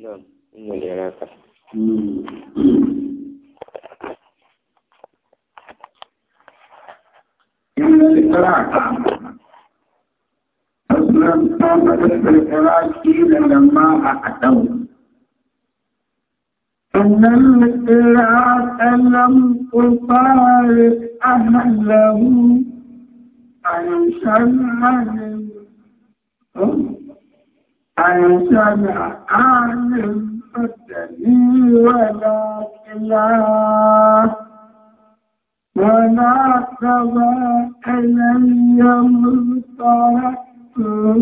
نعم إن الإطلاق أصلا كان بالنسبة للعراق إلا لما أعتوا أن الإطلاق لم تطالب أهله أن يسمى أيسر عن البدن ولا كلاه ولا تضع إلي مضطرته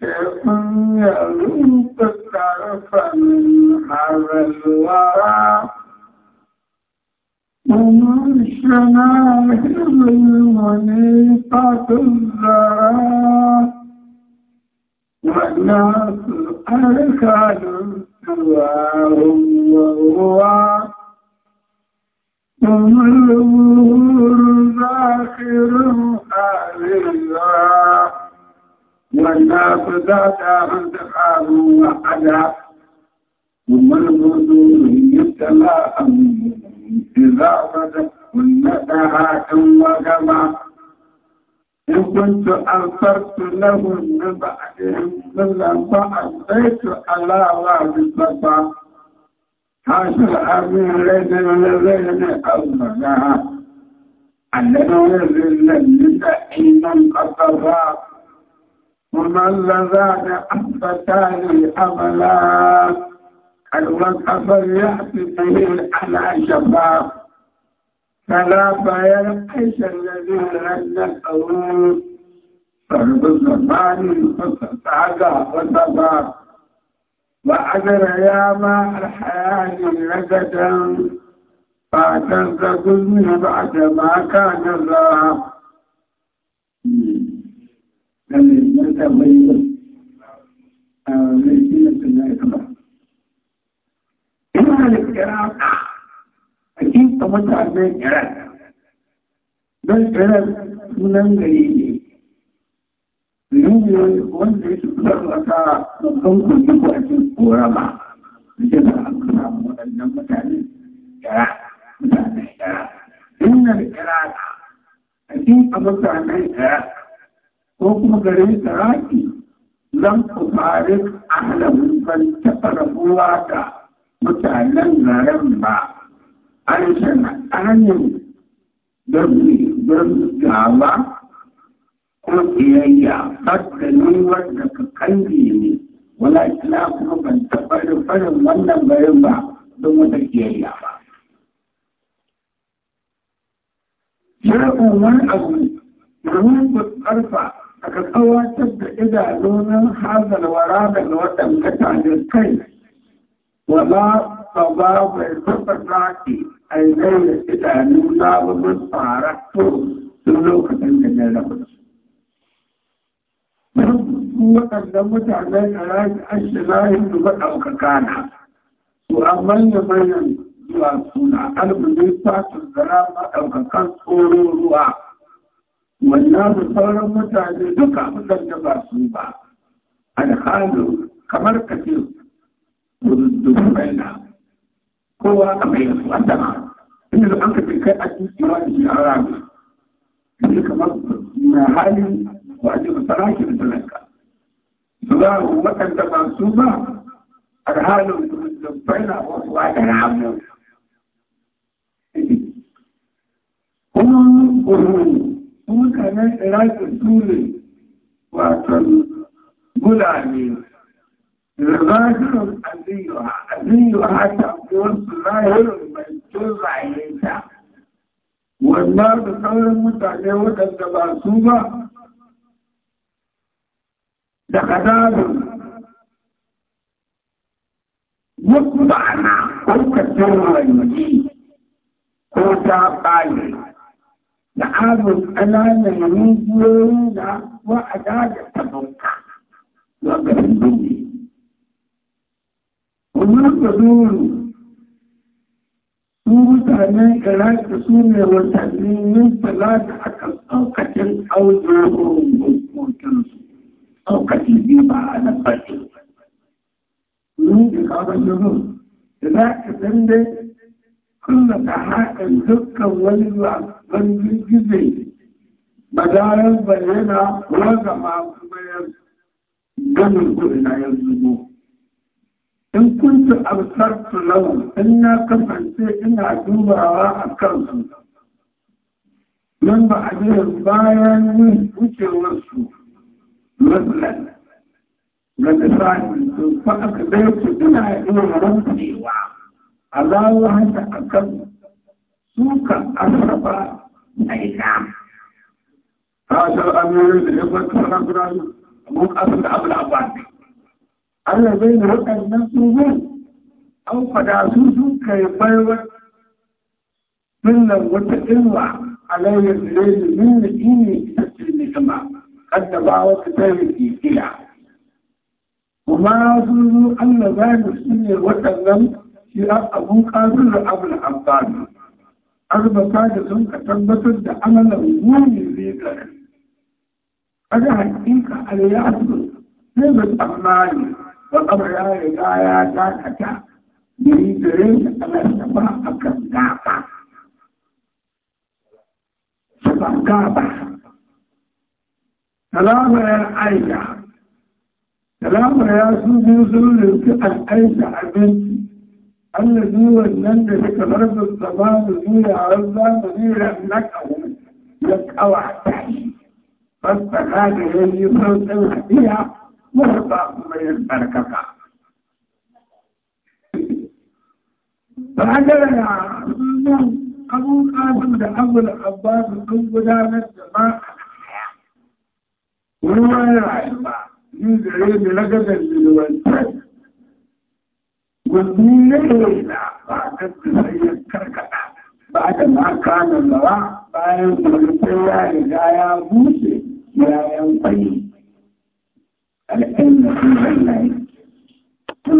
شيء يروق طرفا من هذا الورى ومن شماله المنيطة Ìjọba ọjọ́ ìjọba ọjọ́ ìjọba ọjọ́ ìjọba ọjọ́ ìjọba ọjọ́ ìjọba ọjọ́ ìjọba ọjọ́ ìjọba ọjọ́ ìjọba ọjọ́ ìjọba ọjọ́ ìjọba ọjọ́ ìjọba ọjọ́ ìjọba ọjọ́ ìjọba ọjọ́ ìjọba ọjọ́ ìjọba ọjọ́ ìjọba ọjọ́ إن كنت أنصرت لهم من بعدهم إلا فأبيت على رابطة حاصل أمين لدن لدن أولها أنه يذل لدعين القطرات هما اللذان أثبتان أملا قد وقف يأتي به على شفاف فلا بيرقش الذين اتقوا فرد الزمان فاستعدى وتبع وأدر يا ما الحياة لجدا فتنتقل منه بعد ما كان الله الكرام ta mutanen Iran. Don Iran sunan gari ne. Union wanda ya shugabar wata babban kundin kwakin korama da ke da hankala waɗannan mutane Iran. Mutanen Iran. Sunan Iran a cikin a mutanen Iran ko kuma garin Iraki لم تفارق أهل من فلتفرقوا mutanen غير ba. aikin hanyar don don gaba ko tsayayya fattalin wanda ka kange ne wala kila kuma ban taɓa da farin wannan garin ba don wata tsayayya ba. Shirafin wani abu domin ku ƙarfa aka tsawatar da idanun hazalwara daga waɗanda ta kai wa ba ba bai taɓa zaƙi ai zai da idanu na ba man tsara to sun lokacin da na rabu waɗannan mutanen a ranar ashirahin da ɗaukaka na su an manya manyan zuwa suna albumin sasun zara maɗaukakan tsoron ruwa wannan da sauran mutane duka waɗanda ba su ba alhalin kamar ka ce na. kowa a mai su an dama inda da an ka kai a cikin wani a rami inda kamar na halin wajen sarakin talaka su za a waɗanda ba su ba a halin da baina wasu wata ramu kuma gurmi kuma kanan iraki su ne wato gulami da zagirin aziyu a aziyu a hata ko mayar mai tun ta wannan da sauran mutane waɗanda ba su ba da kadabin يطبعنا قلت الجوع المجيد قلت قال لعاب الألام يميزون وأداد تبوك وقف الدنيا ومن تدور malamai iraki su ne watannin fila da aka tsaukacin auna rubutunsu tsaukacin biyu ba a na fashe ni da kawon yanzu iraki san dai kulla ta haɗin dukkan wani ba zaɓen girgize badarar bayyana wanda zama kuma yan ganin na yanzu zuwa إن كنت أبصرت لهم إنا كفنسي إنا دوبا وراء من بعدين باين من وجه وصو مثلا من صاحب فأكبرت إنا دوبا رمتي وعلا الله تأكد سوك أصرف أيام هذا الأمير الذي يفكر رجلا من أصل أبلغ بعدك Allah zai da waɗannan tsohon an fada su sun kai baiwar billan wata ilwa a lauyar lezi min da ini ta ce ne kama kadda ba wata tarin kikiya. Kuma sun zo Allah zai da su ne waɗannan shi abun ƙasar da abin amfani. Arbata da sun ka tabbatar da amalan gumi zai gare. Kaga hakika alayyatu zai da tsammani فقبر يا رجايا ذاتك يريد رين على السماء كالكعبة سبع كعبة سلام يا عائشة سلام يا سيدي سيدي العائشة أبنتي الذي ولن تكبرت الصباح الذي عرضنا مدير لكه لك أو أحتاج فاستخاد هذه صوت الهدية murba kuma yin tsarkaka. Ba'adar da nan abun kasim da abul abbas sun gudanar da ba a ruwan rayuwa yin zare da lagazar lilwantar. Gwanni ne da ba ta tsayayyar karkata ba da ma kanan bayan kwanfewa da ya bushe ya yayan kwayi. على أن في جنة